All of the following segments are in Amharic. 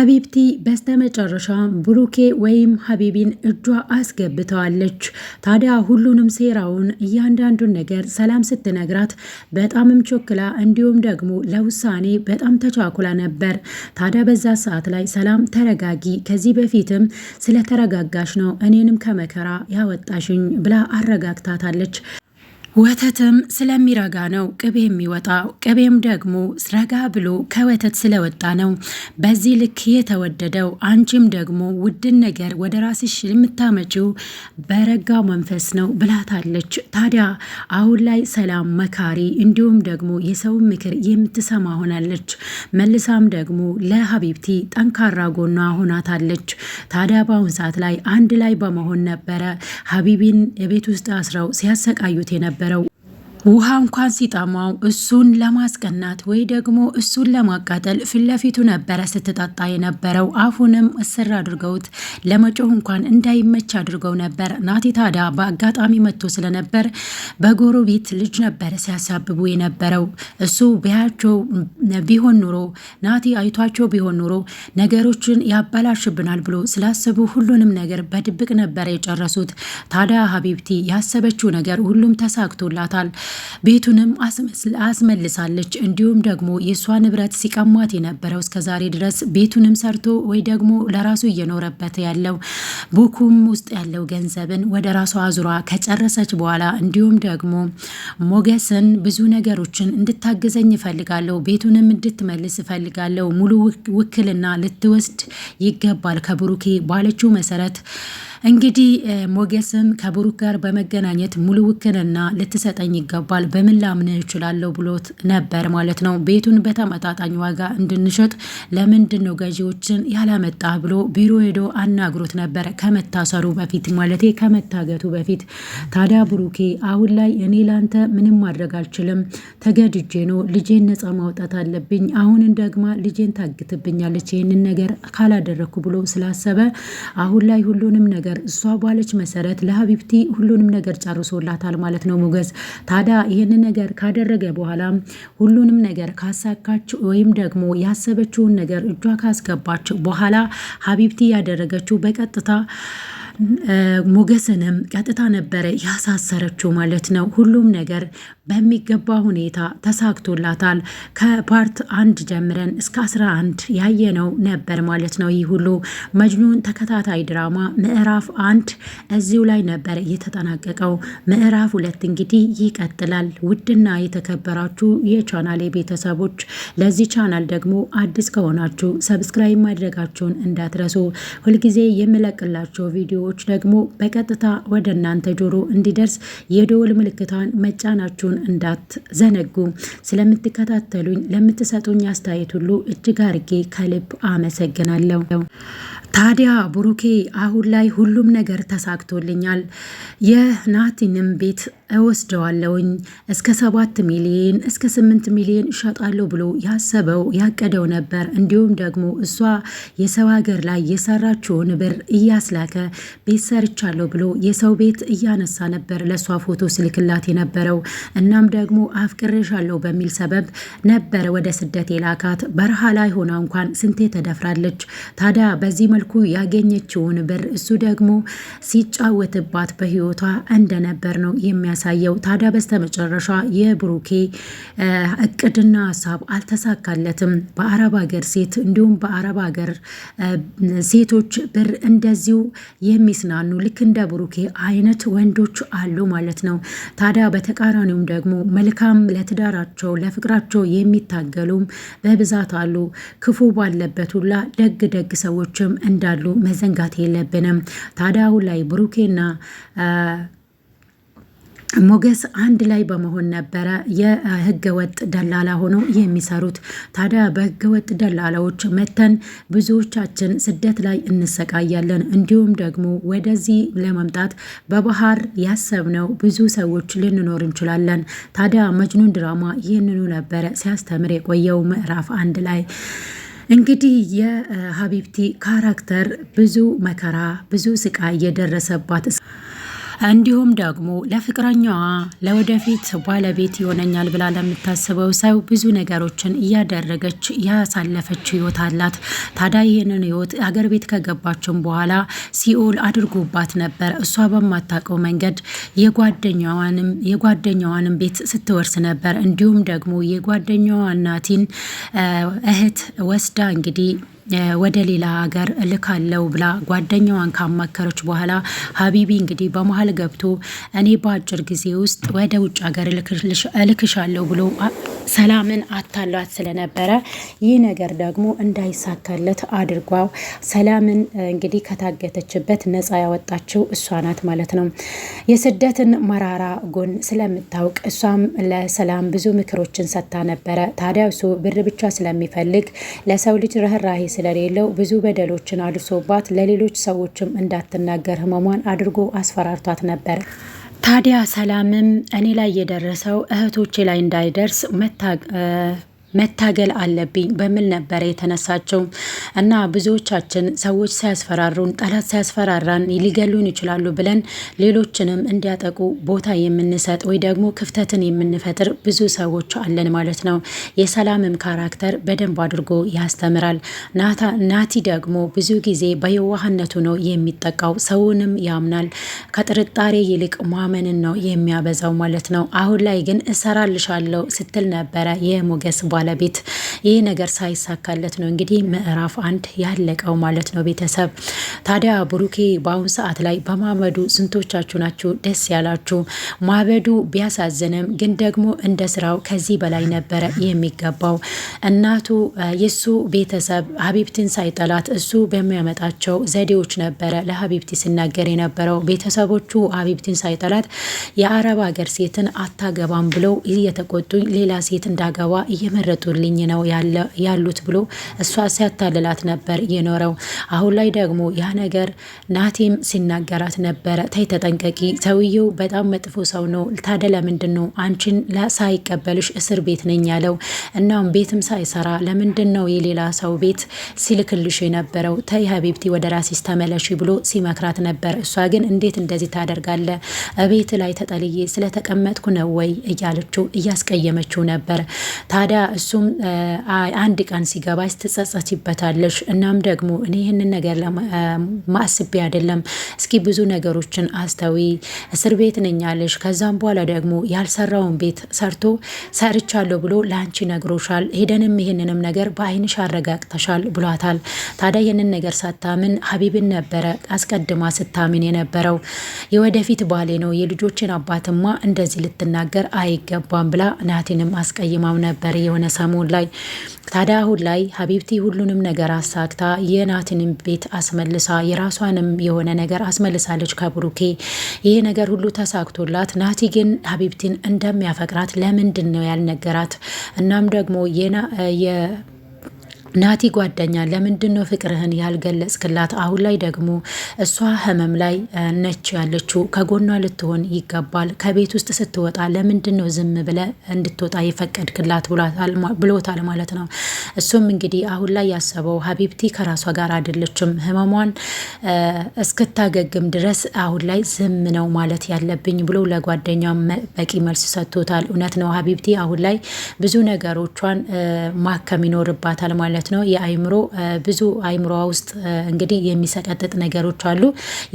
ሀቢብቲ በስተመጨረሻ ብሩኬ ወይም ሀቢቢን እጇ አስገብተዋለች። ታዲያ ሁሉንም ሴራውን እያንዳንዱን ነገር ሰላም ስትነግራት በጣምም ቾክላ እንዲሁም ደግሞ ለውሳኔ በጣም ተቻኩላ ነበር። ታዲያ በዛ ሰዓት ላይ ሰላም ተረጋጊ፣ ከዚህ በፊትም ስለተረጋጋሽ ነው እኔንም ከመከራ ያወጣሽኝ ብላ አረጋግታታለች። ወተትም ስለሚረጋ ነው ቅቤ የሚወጣው። ቅቤም ደግሞ ረጋ ብሎ ከወተት ስለወጣ ነው በዚህ ልክ የተወደደው። አንቺም ደግሞ ውድን ነገር ወደ ራስሽ የምታመጪው በረጋ መንፈስ ነው ብላታለች። ታዲያ አሁን ላይ ሰላም መካሪ፣ እንዲሁም ደግሞ የሰውን ምክር የምትሰማ ሆናለች። መልሳም ደግሞ ለሀቢብቲ ጠንካራ ጎኗ ሆናታለች። ታዲያ በአሁን ሰዓት ላይ አንድ ላይ በመሆን ነበረ ሀቢቢን የቤት ውስጥ አስረው ሲያሰቃዩት የነበረ better ውሃ እንኳን ሲጠማው እሱን ለማስቀናት ወይ ደግሞ እሱን ለማቃጠል ፊት ለፊቱ ነበረ ስትጠጣ የነበረው። አፉንም እስር አድርገውት ለመጮህ እንኳን እንዳይመች አድርገው ነበር። ናቲ ታዲያ በአጋጣሚ መጥቶ ስለነበር በጎረቤት ልጅ ነበረ ሲያሳብቡ የነበረው። እሱ ቢያቸው ቢሆን ኑሮ ናቲ አይቷቸው ቢሆን ኑሮ ነገሮችን ያበላሽብናል ብሎ ስላሰቡ ሁሉንም ነገር በድብቅ ነበረ የጨረሱት። ታዲያ ሀቢብቲ ያሰበችው ነገር ሁሉም ተሳክቶላታል። ቤቱንም አስመልሳለች። እንዲሁም ደግሞ የእሷ ንብረት ሲቀሟት የነበረው እስከዛሬ ድረስ ቤቱንም ሰርቶ ወይ ደግሞ ለራሱ እየኖረበት ያለው ቡኩም ውስጥ ያለው ገንዘብን ወደ ራሷ አዙራ ከጨረሰች በኋላ እንዲሁም ደግሞ ሞገስን ብዙ ነገሮችን እንድታግዘኝ እፈልጋለሁ፣ ቤቱንም እንድትመልስ እፈልጋለሁ፣ ሙሉ ውክልና ልትወስድ ይገባል ከብሩኬ ባለችው መሰረት እንግዲህ ሞገስም ከብሩክ ጋር በመገናኘት ሙሉ ውክልና ልትሰጠኝ ይገባል፣ በምን ላምን እችላለሁ ብሎት ነበር ማለት ነው። ቤቱን በተመጣጣኝ ዋጋ እንድንሸጥ ለምንድን ነው ገዢዎችን ያላመጣ ብሎ ቢሮ ሄዶ አናግሮት ነበር፣ ከመታሰሩ በፊት ማለት ከመታገቱ በፊት። ታዲያ ብሩኬ አሁን ላይ እኔ ላንተ ምንም ማድረግ አልችልም፣ ተገድጄ ነው ልጄን ነጻ ማውጣት አለብኝ። አሁንን ደግማ ልጄን ታግትብኛለች፣ ይህንን ነገር ካላደረግኩ ብሎ ስላሰበ አሁን ላይ ሁሉንም ነገር ነገር እሷ ባለች መሰረት ለሀቢብቲ ሁሉንም ነገር ጨርሶላታል ማለት ነው ሞገስ። ታዲያ ይህንን ነገር ካደረገ በኋላ ሁሉንም ነገር ካሳካች ወይም ደግሞ ያሰበችውን ነገር እጇ ካስገባች በኋላ ሀቢብቲ ያደረገችው በቀጥታ ሞገስንም ቀጥታ ነበረ ያሳሰረችው ማለት ነው። ሁሉም ነገር በሚገባ ሁኔታ ተሳክቶላታል። ከፓርት አንድ ጀምረን እስከ 11 ያየነው ነበር ማለት ነው። ይህ ሁሉ መጅኑን ተከታታይ ድራማ ምዕራፍ አንድ እዚሁ ላይ ነበር የተጠናቀቀው። ምዕራፍ ሁለት እንግዲህ ይቀጥላል። ውድና የተከበራችሁ የቻናሌ ቤተሰቦች ለዚህ ቻናል ደግሞ አዲስ ከሆናችሁ ሰብስክራይብ ማድረጋችሁን እንዳትረሱ። ሁልጊዜ የምለቅላቸው ቪዲዮዎች ደግሞ በቀጥታ ወደ እናንተ ጆሮ እንዲደርስ የደወል ምልክታን መጫናችሁን እንዳትዘነጉ። ስለምትከታተሉኝ፣ ለምትሰጡኝ አስተያየት ሁሉ እጅግ አርጌ ከልብ አመሰግናለሁ። ታዲያ ብሩኬ አሁን ላይ ሁሉም ነገር ተሳክቶልኛል የናቲንም ቤት እወስደዋለውኝ እስከ ሰባት ሚሊዮን እስከ ስምንት ሚሊዮን እሸጣለሁ ብሎ ያሰበው ያቀደው ነበር። እንዲሁም ደግሞ እሷ የሰው ሀገር ላይ የሰራችውን ብር እያስላከ ቤት ሰርቻለሁ ብሎ የሰው ቤት እያነሳ ነበር ለእሷ ፎቶ ስልክላት የነበረው። እናም ደግሞ አፍቅርሻለሁ በሚል ሰበብ ነበር ወደ ስደት የላካት። በረሃ ላይ ሆና እንኳን ስንቴ ተደፍራለች። ታዲያ በዚህ መልኩ ያገኘችውን ብር እሱ ደግሞ ሲጫወትባት በህይወቷ እንደነበር ነው የሚያስ የሚያሳየው። ታዲያ በስተመጨረሻ የብሩኬ እቅድና ሀሳብ አልተሳካለትም። በአረብ ሀገር ሴት እንዲሁም በአረብ ሀገር ሴቶች ብር እንደዚሁ የሚስናኑ ልክ እንደ ብሩኬ አይነት ወንዶች አሉ ማለት ነው። ታዲያ በተቃራኒውም ደግሞ መልካም ለትዳራቸው ለፍቅራቸው የሚታገሉም በብዛት አሉ። ክፉ ባለበት ሁላ ደግ ደግ ሰዎችም እንዳሉ መዘንጋት የለብንም። ታዲያ አሁን ላይ ብሩኬና ሞገስ አንድ ላይ በመሆን ነበረ የህገ ወጥ ደላላ ሆኖ የሚሰሩት። ታዲያ በህገ ወጥ ደላላዎች መተን ብዙዎቻችን ስደት ላይ እንሰቃያለን። እንዲሁም ደግሞ ወደዚህ ለመምጣት በባህር ያሰብነው ብዙ ሰዎች ልንኖር እንችላለን። ታዲያ መጅኑን ድራማ ይህንኑ ነበረ ሲያስተምር የቆየው ምዕራፍ አንድ ላይ እንግዲህ የሀቢብቲ ካራክተር ብዙ መከራ ብዙ ስቃይ የደረሰባት እንዲሁም ደግሞ ለፍቅረኛዋ ለወደፊት ባለቤት ይሆነኛል ብላ ለምታስበው ሰው ብዙ ነገሮችን እያደረገች ያሳለፈች ህይወት አላት። ታዲያ ይህንን ህይወት አገር ቤት ከገባችን በኋላ ሲኦል አድርጎባት ነበር። እሷ በማታውቀው መንገድ የጓደኛዋንም ቤት ስትወርስ ነበር። እንዲሁም ደግሞ የጓደኛዋ ናቲን እህት ወስዳ እንግዲህ ወደ ሌላ ሀገር እልካለው ብላ ጓደኛዋን ካማከረች በኋላ ሀቢቢ እንግዲህ በመሀል ገብቶ እኔ በአጭር ጊዜ ውስጥ ወደ ውጭ ሀገር እልክሻለሁ ብሎ ሰላምን አታሏት ስለነበረ ይህ ነገር ደግሞ እንዳይሳካለት አድርጓው ሰላምን እንግዲህ ከታገተችበት ነፃ ያወጣችው እሷ ናት ማለት ነው። የስደትን መራራ ጎን ስለምታውቅ እሷም ለሰላም ብዙ ምክሮችን ሰጥታ ነበረ። ታዲያ እሱ ብር ብቻ ስለሚፈልግ ለሰው ልጅ ርኅራሄ ስለሌለው ብዙ በደሎችን አድርሶባት ለሌሎች ሰዎችም እንዳትናገር ህመሟን አድርጎ አስፈራርቷት ነበር። ታዲያ ሰላምም እኔ ላይ የደረሰው እህቶቼ ላይ እንዳይደርስ መታገል አለብኝ በሚል ነበር የተነሳቸው። እና ብዙዎቻችን ሰዎች ሳያስፈራሩን፣ ጠላት ሳያስፈራራን ሊገሉን ይችላሉ ብለን ሌሎችንም እንዲያጠቁ ቦታ የምንሰጥ ወይ ደግሞ ክፍተትን የምንፈጥር ብዙ ሰዎች አለን ማለት ነው። የሰላምም ካራክተር በደንብ አድርጎ ያስተምራል። ናቲ ደግሞ ብዙ ጊዜ በየዋህነቱ ነው የሚጠቃው። ሰውንም ያምናል። ከጥርጣሬ ይልቅ ማመንን ነው የሚያበዛው ማለት ነው። አሁን ላይ ግን እሰራልሻለሁ ስትል ነበረ የሞገስ ባለቤት። ይህ ነገር ሳይሳካለት ነው እንግዲህ ምዕራፍ አንድ ያለቀው ማለት ነው። ቤተሰብ ታዲያ ብሩኬ በአሁኑ ሰዓት ላይ በማመዱ ስንቶቻችሁ ናችሁ ደስ ያላችሁ? ማበዱ ቢያሳዝንም ግን ደግሞ እንደ ስራው ከዚህ በላይ ነበረ የሚገባው። እናቱ የሱ ቤተሰብ ሀቢብትን ሳይጠላት እሱ በሚያመጣቸው ዘዴዎች ነበረ ለሀቢብቲ ሲናገር የነበረው። ቤተሰቦቹ ሀቢብትን ሳይጠላት የአረብ ሀገር ሴትን አታገባም ብለው እየተቆጡኝ ሌላ ሴት እንዳገባ እየመረጡልኝ ነው ያሉት ብሎ እሷ ሲያታልላ ሲላት ነበር የኖረው። አሁን ላይ ደግሞ ያ ነገር ናቲም ሲናገራት ነበረ። ተይ ተጠንቀቂ፣ ሰውየው በጣም መጥፎ ሰው ነው። ታዲያ ለምንድን ነው አንቺን ሳይቀበልሽ እስር ቤት ነኝ ያለው? እናም ቤትም ሳይሰራ ለምንድን ነው የሌላ ሰው ቤት ሲልክልሽ የነበረው? ተይ ሀቢብቲ፣ ወደ ራስሽ ተመለሺ ብሎ ሲመክራት ነበር። እሷ ግን እንዴት እንደዚህ ታደርጋለ? እቤት ላይ ተጠልዬ ስለተቀመጥኩ ነው ወይ እያለችው እያስቀየመችው ነበር። ታዲያ እሱም አንድ ቀን ሲገባች ይበታል ትሆኛለሽ። እናም ደግሞ እኔ ይህንን ነገር ማስቤ አይደለም። እስኪ ብዙ ነገሮችን አስተዊ። እስር ቤት ነኝ ከዛም በኋላ ደግሞ ያልሰራውን ቤት ሰርቶ ሰርቻለሁ ብሎ ለአንቺ ነግሮሻል። ሄደንም ይህንንም ነገር በአይንሽ አረጋግተሻል ብሏታል። ታዲያ ይህንን ነገር ሳታምን ሀቢብን ነበረ አስቀድማ ስታምን የነበረው። የወደፊት ባሌ ነው የልጆችን አባትማ እንደዚህ ልትናገር አይገባም ብላ ናቲንም አስቀይማው ነበር የሆነ ሰሞን ላይ ታዲያ አሁን ላይ ሀቢብቲ ሁሉንም ነገር ነገር አሳግታ የናትንም ቤት አስመልሳ የራሷንም የሆነ ነገር አስመልሳለች ከብሩኬ። ይህ ነገር ሁሉ ተሳክቶላት ናቲ ግን ሀቢብቲን እንደሚያፈቅራት ለምንድን ነው ያልነገራት? እናም ደግሞ ናቲ ጓደኛ ለምንድን ነው ፍቅርህን ያልገለጽክላት? አሁን ላይ ደግሞ እሷ ህመም ላይ ነች ያለችው፣ ከጎኗ ልትሆን ይገባል። ከቤት ውስጥ ስትወጣ ለምንድን ነው ዝም ብለ እንድትወጣ የፈቀድክላት? ብሎታል ማለት ነው። እሱም እንግዲህ አሁን ላይ ያሰበው ሀቢብቲ ከራሷ ጋር አይደለችም፣ ህመሟን እስክታገግም ድረስ አሁን ላይ ዝም ነው ማለት ያለብኝ ብሎ ለጓደኛ በቂ መልስ ሰጥቶታል። እውነት ነው ሀቢብቲ አሁን ላይ ብዙ ነገሮቿን ማከም ይኖርባታል ማለት ማለት ነው። የአይምሮ ብዙ አይምሮዋ ውስጥ እንግዲህ የሚሰቀጥጥ ነገሮች አሉ።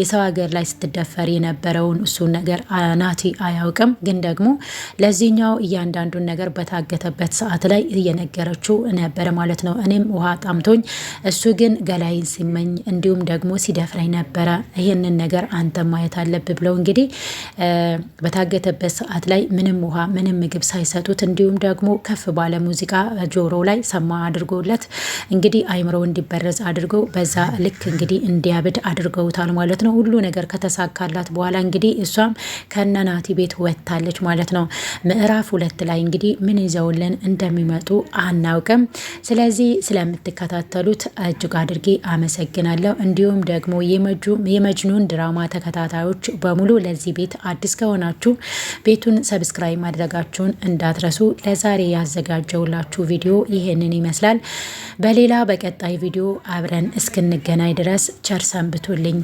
የሰው ሀገር ላይ ስትደፈር የነበረውን እሱን ነገር ናቲ አያውቅም። ግን ደግሞ ለዚህኛው እያንዳንዱን ነገር በታገተበት ሰዓት ላይ እየነገረችው ነበረ ማለት ነው። እኔም ውሃ ጣምቶኝ እሱ ግን ገላይን ሲመኝ እንዲሁም ደግሞ ሲደፍረኝ ነበረ። ይህንን ነገር አንተ ማየት አለብ ብለው እንግዲህ በታገተበት ሰዓት ላይ ምንም ውሃ ምንም ምግብ ሳይሰጡት እንዲሁም ደግሞ ከፍ ባለ ሙዚቃ ጆሮ ላይ ሰማ አድርጎለት እንግዲህ አይምሮ እንዲበረዝ አድርገው በዛ ልክ እንግዲህ እንዲያብድ አድርገውታል ማለት ነው። ሁሉ ነገር ከተሳካላት በኋላ እንግዲህ እሷም ከነናቲ ቤት ወጥታለች ማለት ነው። ምዕራፍ ሁለት ላይ እንግዲህ ምን ይዘውልን እንደሚመጡ አናውቅም። ስለዚህ ስለምትከታተሉት እጅግ አድርጌ አመሰግናለሁ። እንዲሁም ደግሞ የመጅኑን ድራማ ተከታታዮች በሙሉ ለዚህ ቤት አዲስ ከሆናችሁ ቤቱን ሰብስክራይብ ማድረጋችሁን እንዳትረሱ። ለዛሬ ያዘጋጀውላችሁ ቪዲዮ ይህንን ይመስላል። በሌላ በቀጣይ ቪዲዮ አብረን እስክንገናኝ ድረስ ቸር ሰንብቱልኝ።